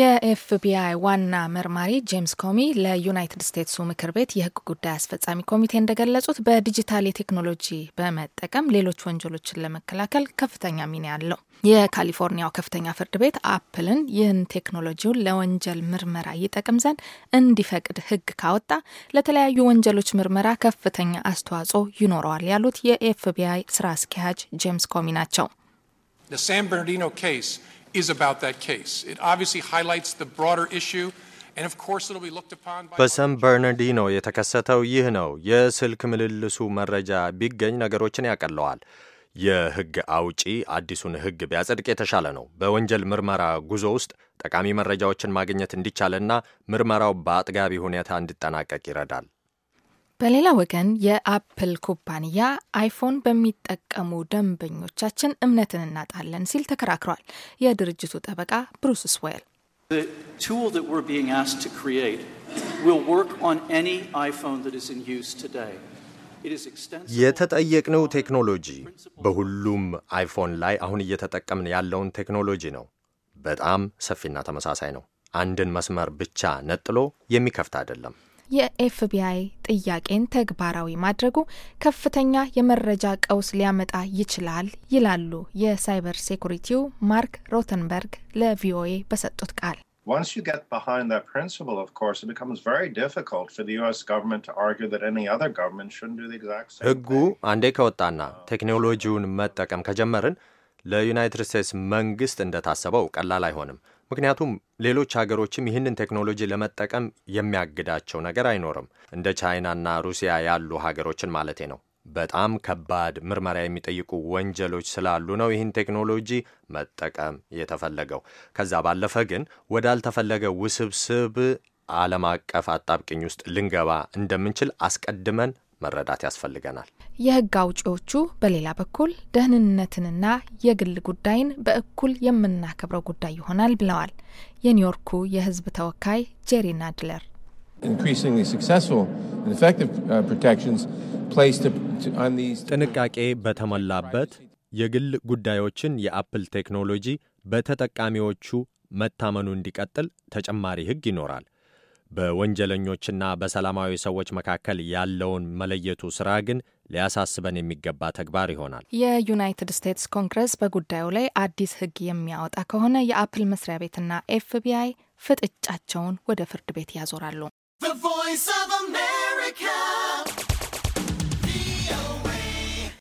የኤፍቢአይ ዋና መርማሪ ጄምስ ኮሚ ለዩናይትድ ስቴትሱ ምክር ቤት የሕግ ጉዳይ አስፈጻሚ ኮሚቴ እንደገለጹት በዲጂታል የቴክኖሎጂ በመጠቀም ሌሎች ወንጀሎችን ለመከላከል ከፍተኛ ሚና ያለው የካሊፎርኒያው ከፍተኛ ፍርድ ቤት አፕልን ይህን ቴክኖሎጂውን ለወንጀል ምርመራ ይጠቅም ዘንድ እንዲፈቅድ ሕግ ካወጣ ለተለያዩ ወንጀሎች ምርመራ ከፍተኛ አስተዋጽኦ ይኖረዋል ያሉት የኤፍቢአይ ስራ አስኪያጅ ጄምስ ኮሚ ናቸው። is about that case. It obviously highlights the broader issue. በሰን በርናርዲኖ የተከሰተው ይህ ነው። የስልክ ምልልሱ መረጃ ቢገኝ ነገሮችን ያቀለዋል። የሕግ አውጪ አዲሱን ሕግ ቢያጸድቅ የተሻለ ነው። በወንጀል ምርመራ ጉዞ ውስጥ ጠቃሚ መረጃዎችን ማግኘት እንዲቻልና ምርመራው በአጥጋቢ ሁኔታ እንዲጠናቀቅ ይረዳል። በሌላ ወገን የአፕል ኩባንያ አይፎን በሚጠቀሙ ደንበኞቻችን እምነትን እናጣለን ሲል ተከራክሯል። የድርጅቱ ጠበቃ ብሩስ ስዌል የተጠየቅነው ቴክኖሎጂ በሁሉም አይፎን ላይ አሁን እየተጠቀምን ያለውን ቴክኖሎጂ ነው። በጣም ሰፊና ተመሳሳይ ነው። አንድን መስመር ብቻ ነጥሎ የሚከፍት አይደለም። የኤፍቢአይ ጥያቄን ተግባራዊ ማድረጉ ከፍተኛ የመረጃ ቀውስ ሊያመጣ ይችላል ይላሉ የሳይበር ሴኩሪቲው ማርክ ሮተንበርግ ለቪኦኤ በሰጡት ቃል። Once you get behind that principle, of course, it becomes very difficult for the U.S. government to argue that any other government shouldn't do the exact same ህጉ አንዴ ከወጣና ቴክኖሎጂውን መጠቀም ከጀመርን ለዩናይትድ ስቴትስ መንግስት እንደታሰበው ቀላል አይሆንም። ምክንያቱም ሌሎች ሀገሮችም ይህንን ቴክኖሎጂ ለመጠቀም የሚያግዳቸው ነገር አይኖርም። እንደ ቻይናና ሩሲያ ያሉ ሀገሮችን ማለቴ ነው። በጣም ከባድ ምርመራ የሚጠይቁ ወንጀሎች ስላሉ ነው ይህን ቴክኖሎጂ መጠቀም የተፈለገው። ከዛ ባለፈ ግን ወዳልተፈለገ ውስብስብ ዓለም አቀፍ አጣብቅኝ ውስጥ ልንገባ እንደምንችል አስቀድመን መረዳት ያስፈልገናል። የህግ አውጪዎቹ በሌላ በኩል ደህንነትንና የግል ጉዳይን በእኩል የምናከብረው ጉዳይ ይሆናል ብለዋል የኒውዮርኩ የህዝብ ተወካይ ጄሪ ናድለር። uh, ጥንቃቄ በተሞላበት የግል ጉዳዮችን የአፕል ቴክኖሎጂ በተጠቃሚዎቹ መታመኑ እንዲቀጥል ተጨማሪ ህግ ይኖራል። በወንጀለኞችና በሰላማዊ ሰዎች መካከል ያለውን መለየቱ ስራ ግን ሊያሳስበን የሚገባ ተግባር ይሆናል። የዩናይትድ ስቴትስ ኮንግረስ በጉዳዩ ላይ አዲስ ሕግ የሚያወጣ ከሆነ የአፕል መስሪያ ቤትና ኤፍቢአይ ፍጥጫቸውን ወደ ፍርድ ቤት ያዞራሉ።